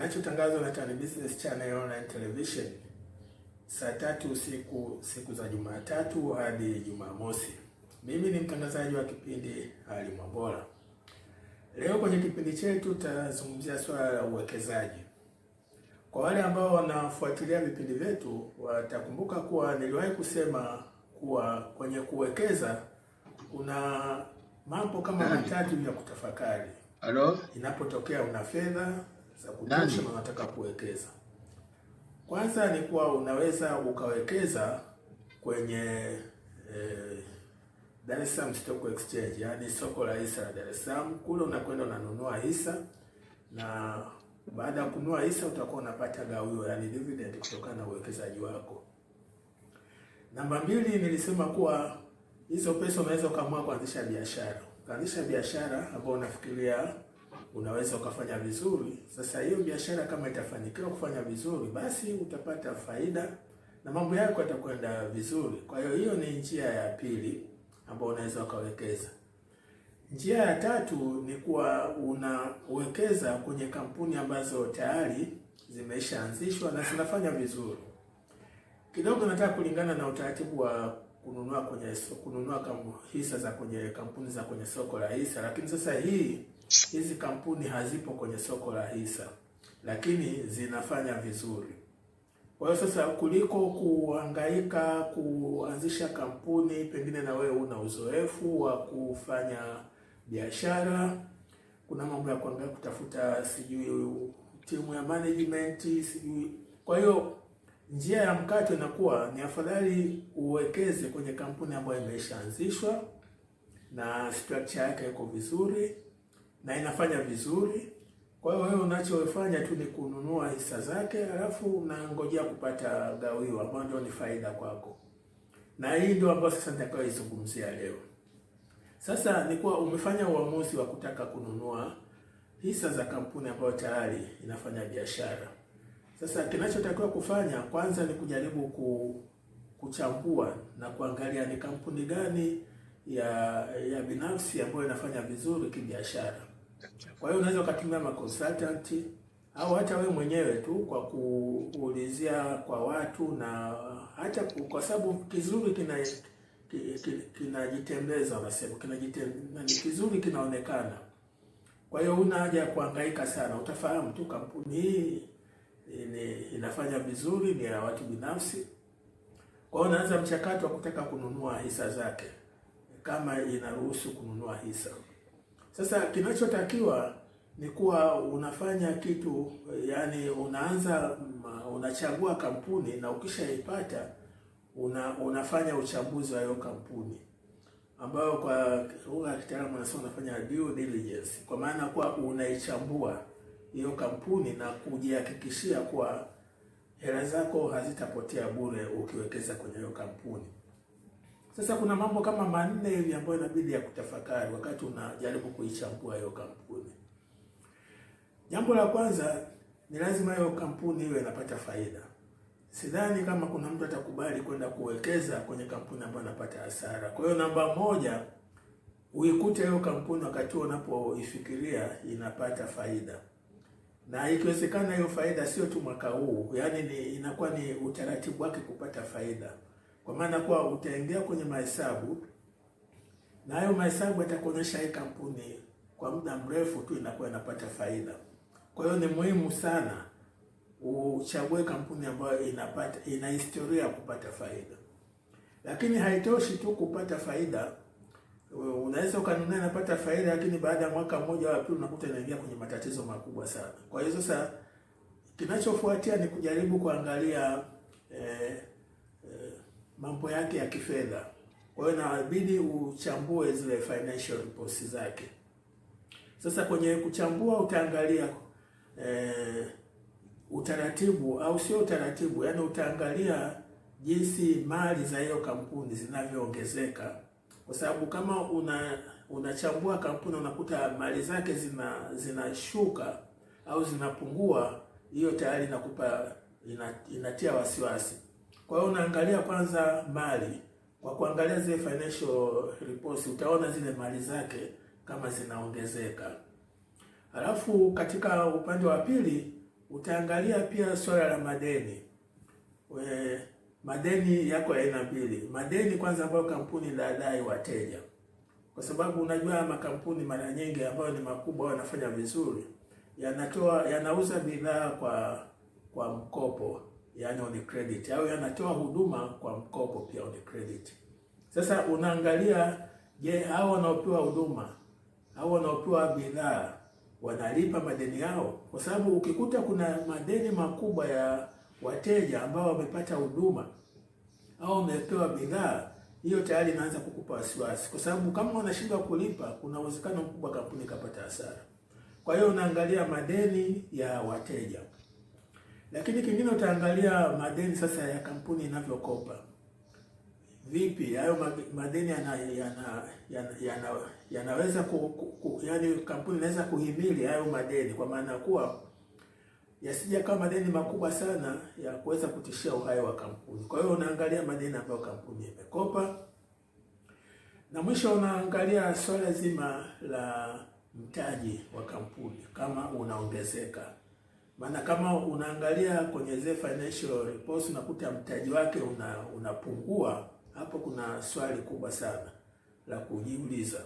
Kinachotangazwa na Tan Business Channel Online Television saa tatu usiku siku za Jumatatu hadi Jumamosi. Mimi ni mtangazaji wa kipindi Ali Mwambola. Leo kwenye kipindi chetu tutazungumzia swala la uwekezaji. Kwa wale ambao wanafuatilia vipindi vyetu watakumbuka kuwa niliwahi kusema kuwa kwenye kuwekeza kuna mambo kama matatu ya kutafakari. Halo? Inapotokea una fedha za kutosha na unataka kuwekeza. Kwanza ni kuwa unaweza ukawekeza kwenye eh, Dar es Salaam Stock Exchange, yaani soko la hisa la Dar es Salaam. Kule unakwenda unanunua hisa na baada ya kununua hisa utakuwa unapata gawio, yani dividend kutokana na uwekezaji wako. Namba mbili, nilisema kuwa hizo pesa unaweza ukaamua kuanzisha biashara, kuanzisha biashara ambayo unafikiria unaweza ukafanya vizuri. Sasa hiyo biashara kama itafanikiwa kufanya vizuri, basi utapata faida na mambo yako yatakwenda vizuri. Kwa hiyo hiyo ni njia ya pili ambayo unaweza ukawekeza. Njia ya tatu ni kuwa unawekeza kwenye kampuni ambazo tayari zimeshaanzishwa na zinafanya vizuri. Kidogo nataka kulingana na utaratibu wa kununua kwenye kununua hisa za kwenye kampuni za kwenye soko la hisa, lakini sasa hii hizi kampuni hazipo kwenye soko la hisa, lakini zinafanya vizuri. Kwa hiyo sasa, kuliko kuhangaika kuanzisha kampuni, pengine na wewe una uzoefu wa kufanya biashara, kuna mambo ya kuangaika kutafuta sijui timu ya management, sijui. Kwa hiyo njia ya mkato inakuwa ni afadhali uwekeze kwenye kampuni ambayo imeshaanzishwa na structure yake iko vizuri na inafanya vizuri. Kwa hiyo wewe unachofanya tu ni kununua hisa zake, alafu unangojea kupata gawio ambayo ndio ni faida kwako, na hii ndio ambayo sasa nitakayoizungumzia leo. Sasa ni kuwa umefanya uamuzi wa kutaka kununua hisa za kampuni ambayo tayari inafanya biashara. Sasa kinachotakiwa kufanya kwanza ni kujaribu ku kuchambua na kuangalia ni kampuni gani ya ya binafsi ambayo inafanya vizuri kibiashara. Kwa hiyo unaweza ukatumia ma consultant au hata wewe mwenyewe tu kwa kuulizia kwa watu, na hata kwa sababu kizuri kina kinajitembeza wanasema kinajitembeza, kizuri kinaonekana. Kwa hiyo huna haja ya kuhangaika sana, utafahamu tu kampuni hii inafanya vizuri, ni ya watu binafsi. Kwa hiyo unaanza mchakato wa kutaka kununua hisa zake kama inaruhusu kununua hisa. Sasa kinachotakiwa ni kuwa unafanya kitu, yani unaanza unachagua kampuni na ukishaipata una, unafanya uchambuzi wa hiyo kampuni ambayo kwa lugha ya kitaalamu unasema unafanya due diligence, kwa maana kuwa unaichambua hiyo kampuni na kujihakikishia kuwa hela zako hazitapotea bure ukiwekeza kwenye hiyo kampuni. Sasa kuna mambo kama manne hivi ambayo inabidi ya kutafakari wakati unajaribu kuichambua hiyo kampuni. Jambo la kwanza ni lazima hiyo kampuni iwe inapata faida. Sidhani kama kuna mtu atakubali kwenda kuwekeza kwenye kampuni ambayo inapata hasara. Kwa hiyo namba moja, uikute hiyo kampuni wakati unapoifikiria inapata faida, na ikiwezekana hiyo faida sio tu mwaka huu, yaani ni inakuwa ni utaratibu wake kupata faida kwa maana kuwa utaingia kwenye mahesabu na hayo mahesabu yatakuonyesha hii kampuni kwa muda mrefu tu inakuwa inapata faida. Kwa hiyo ni muhimu sana uchague kampuni ambayo inapata ina historia ya kupata faida. Lakini haitoshi tu kupata faida, unaweza ukanunua inapata faida, lakini baada ya mwaka mmoja au pili unakuta inaingia kwenye matatizo makubwa sana. Kwa hiyo sasa kinachofuatia ni kujaribu kuangalia eh, eh, mambo yake ya kifedha. Kwa hiyo inabidi uchambue zile financial reports zake. Sasa kwenye kuchambua utaangalia eh, utaratibu au sio utaratibu, yaani utaangalia jinsi mali za hiyo kampuni zinavyoongezeka, kwa sababu kama una unachambua kampuni unakuta mali zake zina zinashuka au zinapungua, hiyo tayari inakupa ina, inatia wasiwasi. Kwa hiyo unaangalia kwanza mali kwa kuangalia zile financial reports, utaona zile mali zake kama zinaongezeka. alafu katika upande wa pili utaangalia pia swala la madeni. We, madeni yako aina mbili. Madeni kwanza ambayo kampuni inadai wateja, kwa sababu unajua makampuni mara nyingi ambayo ni makubwa wanafanya vizuri, yanatoa yanauza bidhaa kwa kwa mkopo yani on credit, au yanatoa huduma kwa mkopo pia on credit. Sasa unaangalia, je, hao wanaopewa huduma au wanaopewa bidhaa wanalipa madeni yao? Kwa sababu ukikuta kuna madeni makubwa ya wateja ambao wamepata huduma au wamepewa bidhaa, hiyo tayari inaanza kukupa wasiwasi, kwa sababu kama wanashindwa kulipa, kuna uwezekano mkubwa kampuni ikapata hasara. Kwa hiyo unaangalia madeni ya wateja. Lakini kingine utaangalia madeni sasa ya kampuni inavyokopa. Vipi hayo madeni yana, yana, yana, yana, yanaweza ku, ku, yani kampuni inaweza kuhimili hayo madeni, kwa maana kuwa yasija kama madeni makubwa sana ya kuweza kutishia uhai wa kampuni. Kwa hiyo unaangalia madeni ambayo kampuni imekopa, na mwisho unaangalia swala zima la mtaji wa kampuni kama unaongezeka maana kama unaangalia kwenye zile financial reports unakuta mtaji wake una, unapungua, hapo kuna swali kubwa sana la kujiuliza.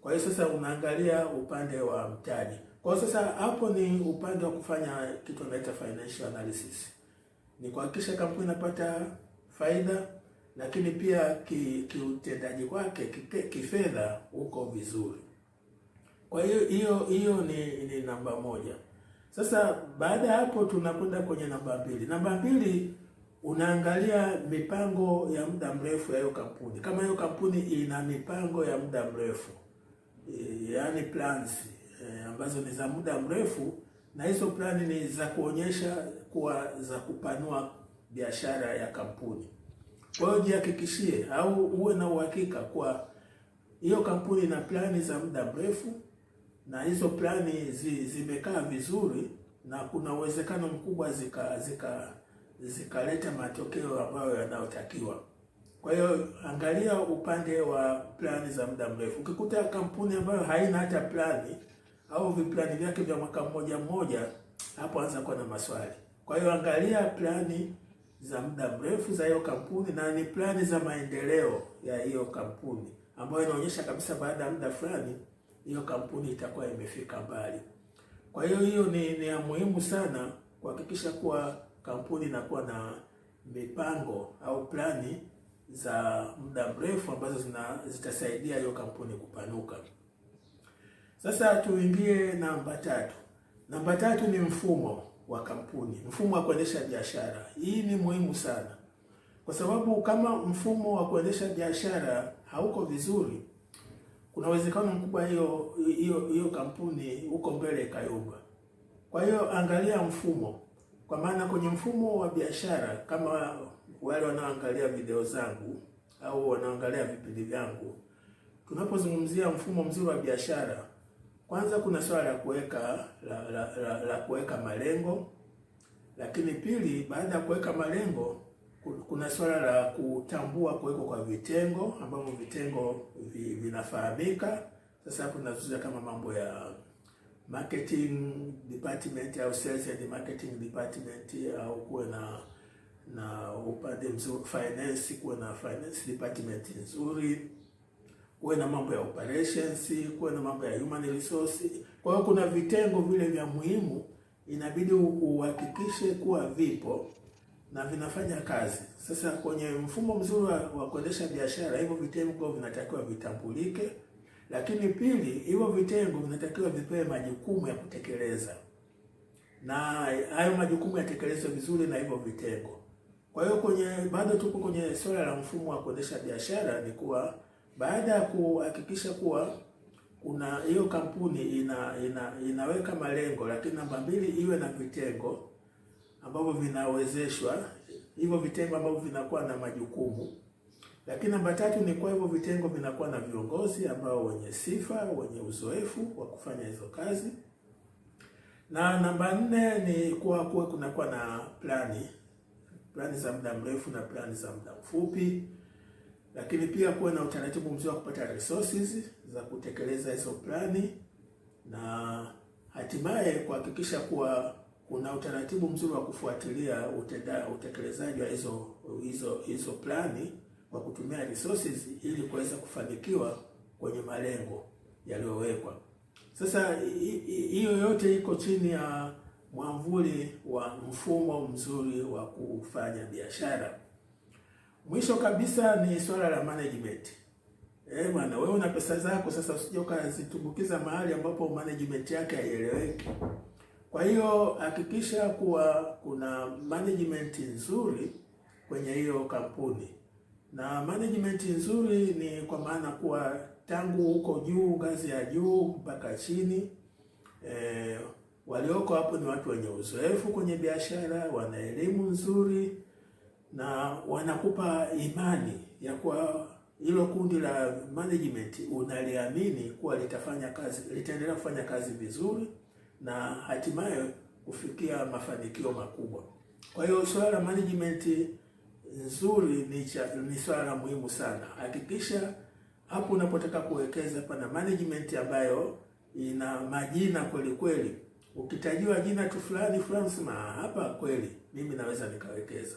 Kwa hiyo sasa unaangalia upande wa mtaji. Kwa hiyo sasa hapo ni upande wa kufanya kitu anaita financial analysis, ni kuhakikisha kampuni inapata faida, lakini pia kiutendaji ki wake kifedha ki uko vizuri. Kwa hiyo hiyo hiyo ni, ni namba moja. Sasa baada ya hapo tunakwenda kwenye namba mbili. Namba mbili unaangalia mipango ya muda mrefu ya hiyo kampuni, kama hiyo kampuni ina mipango ya muda mrefu e, yaani plans e, ambazo ni za muda mrefu, na hizo plani ni za kuonyesha kuwa za kupanua biashara ya kampuni. Kwa hiyo jihakikishie au uwe na uhakika kwa hiyo kampuni ina plani za muda mrefu na hizo plani zi, zimekaa vizuri na kuna uwezekano mkubwa zika zika zikaleta matokeo ambayo yanayotakiwa. Kwa hiyo angalia upande wa plani za muda mrefu. Ukikuta kampuni ambayo haina hata plani au viplani vyake vya mwaka mmoja mmoja, hapo anza kuwa na maswali. Kwa hiyo angalia plani za muda mrefu za hiyo kampuni na ni plani za maendeleo ya hiyo kampuni ambayo inaonyesha kabisa baada ya muda fulani hiyo kampuni itakuwa imefika mbali. Kwa hiyo hiyo ni, ni ya muhimu sana kuhakikisha kuwa kampuni inakuwa na mipango au plani za muda mrefu ambazo zina, zitasaidia hiyo kampuni kupanuka. Sasa tuingie namba tatu. Namba tatu ni mfumo wa kampuni, mfumo wa kuendesha biashara. Hii ni muhimu sana, kwa sababu kama mfumo wa kuendesha biashara hauko vizuri, kuna uwezekano mkubwa hiyo hiyo hiyo kampuni huko mbele ikayumba. Kwa hiyo angalia mfumo, kwa maana kwenye mfumo wa biashara, kama wale wanaoangalia video zangu au wanaangalia vipindi vyangu, tunapozungumzia mfumo mzuri wa biashara, kwanza kuna swala la kuweka la, la, la, la kuweka malengo, lakini pili, baada ya kuweka malengo kuna suala la kutambua kuweko kwa vitengo ambavyo vitengo vinafahamika. Sasa hapo tunazungumza kama mambo ya marketing department au sales and marketing department, au kuwe na na upande mzuri finance, kuwe na finance department nzuri, kuwe na mambo ya operations, kuwe na mambo ya human resource. Kwa hiyo kuna vitengo vile vya muhimu inabidi uhakikishe kuwa vipo na vinafanya kazi. Sasa kwenye mfumo mzuri wa, wa kuendesha biashara, hivyo vitengo vinatakiwa vitambulike, lakini pili, hivyo vitengo vinatakiwa vipewe majukumu ya kutekeleza, na hayo majukumu yatekelezwe vizuri na hivyo vitengo. Kwa hiyo kwenye bado tupo kwenye swala la mfumo wa kuendesha biashara, ni kuwa baada ya kuhakikisha kuwa kuna hiyo kampuni ina, ina, inaweka malengo, lakini namba mbili iwe na vitengo ambavyo vinawezeshwa, hivyo vitengo ambavyo vinakuwa na majukumu. Lakini namba tatu ni kwa hivyo vitengo vinakuwa na viongozi ambao wenye sifa, wenye uzoefu wa kufanya hizo kazi, na namba nne ni kuwa kuwe kunakuwa na plani, plani za muda mrefu na plani za muda mfupi lakini pia kuwe na utaratibu mzuri wa kupata resources za kutekeleza hizo plani na hatimaye kuhakikisha kuwa kuna utaratibu mzuri wa kufuatilia utekelezaji wa hizo hizo hizo plani kwa kutumia resources ili kuweza kufanikiwa kwenye malengo yaliyowekwa. Sasa hiyo yote iko chini ya mwamvuli wa mfumo mzuri wa kufanya biashara. Mwisho kabisa ni swala la management. Eh, bwana wewe una pesa zako sasa, usije ukazitumbukiza mahali ambapo management yake haieleweki. Kwa hiyo hakikisha kuwa kuna management nzuri kwenye hiyo kampuni, na management nzuri ni kwa maana kuwa tangu huko juu, ngazi ya juu mpaka chini e, walioko hapo ni watu wenye uzoefu kwenye biashara, wana elimu nzuri na wanakupa imani ya kuwa hilo kundi la management unaliamini kuwa litafanya kazi, litaendelea kufanya kazi vizuri na hatimaye kufikia mafanikio makubwa. Kwa hiyo swala la management nzuri ni, ni swala muhimu sana. Hakikisha hapo unapotaka kuwekeza pana management ambayo ina majina kweli kweli. Ukitajiwa jina tu fulani fulani, sema ah, hapa kweli mimi naweza nikawekeza.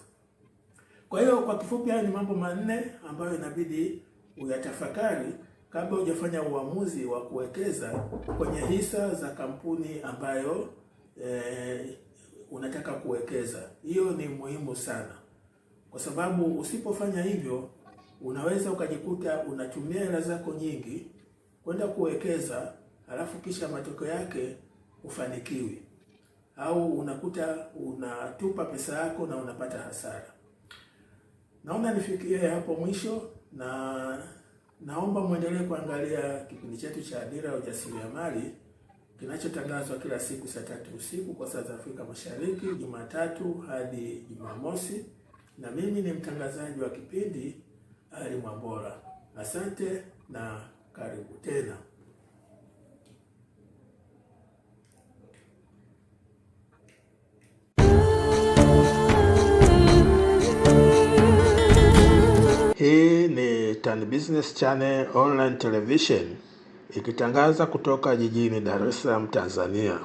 Kwa hiyo kwa kifupi, haya ni mambo manne ambayo inabidi uyatafakari kabla hujafanya uamuzi wa kuwekeza kwenye hisa za kampuni ambayo e, unataka kuwekeza. Hiyo ni muhimu sana, kwa sababu usipofanya hivyo unaweza ukajikuta unatumia hela zako nyingi kwenda kuwekeza, halafu kisha matokeo yake ufanikiwi au unakuta unatupa pesa yako na unapata hasara. Naona nifikie hapo mwisho na Naomba mwendelee kuangalia kipindi chetu cha Dira ya Ujasiriamali kinachotangazwa kila siku saa tatu usiku kwa saa za Afrika Mashariki, Jumatatu hadi Jumamosi, na mimi ni mtangazaji wa kipindi Ali Mwambola. Asante na karibu tena. Tan Business Channel Online Television ikitangaza kutoka jijini Dar es Salaam, Tanzania.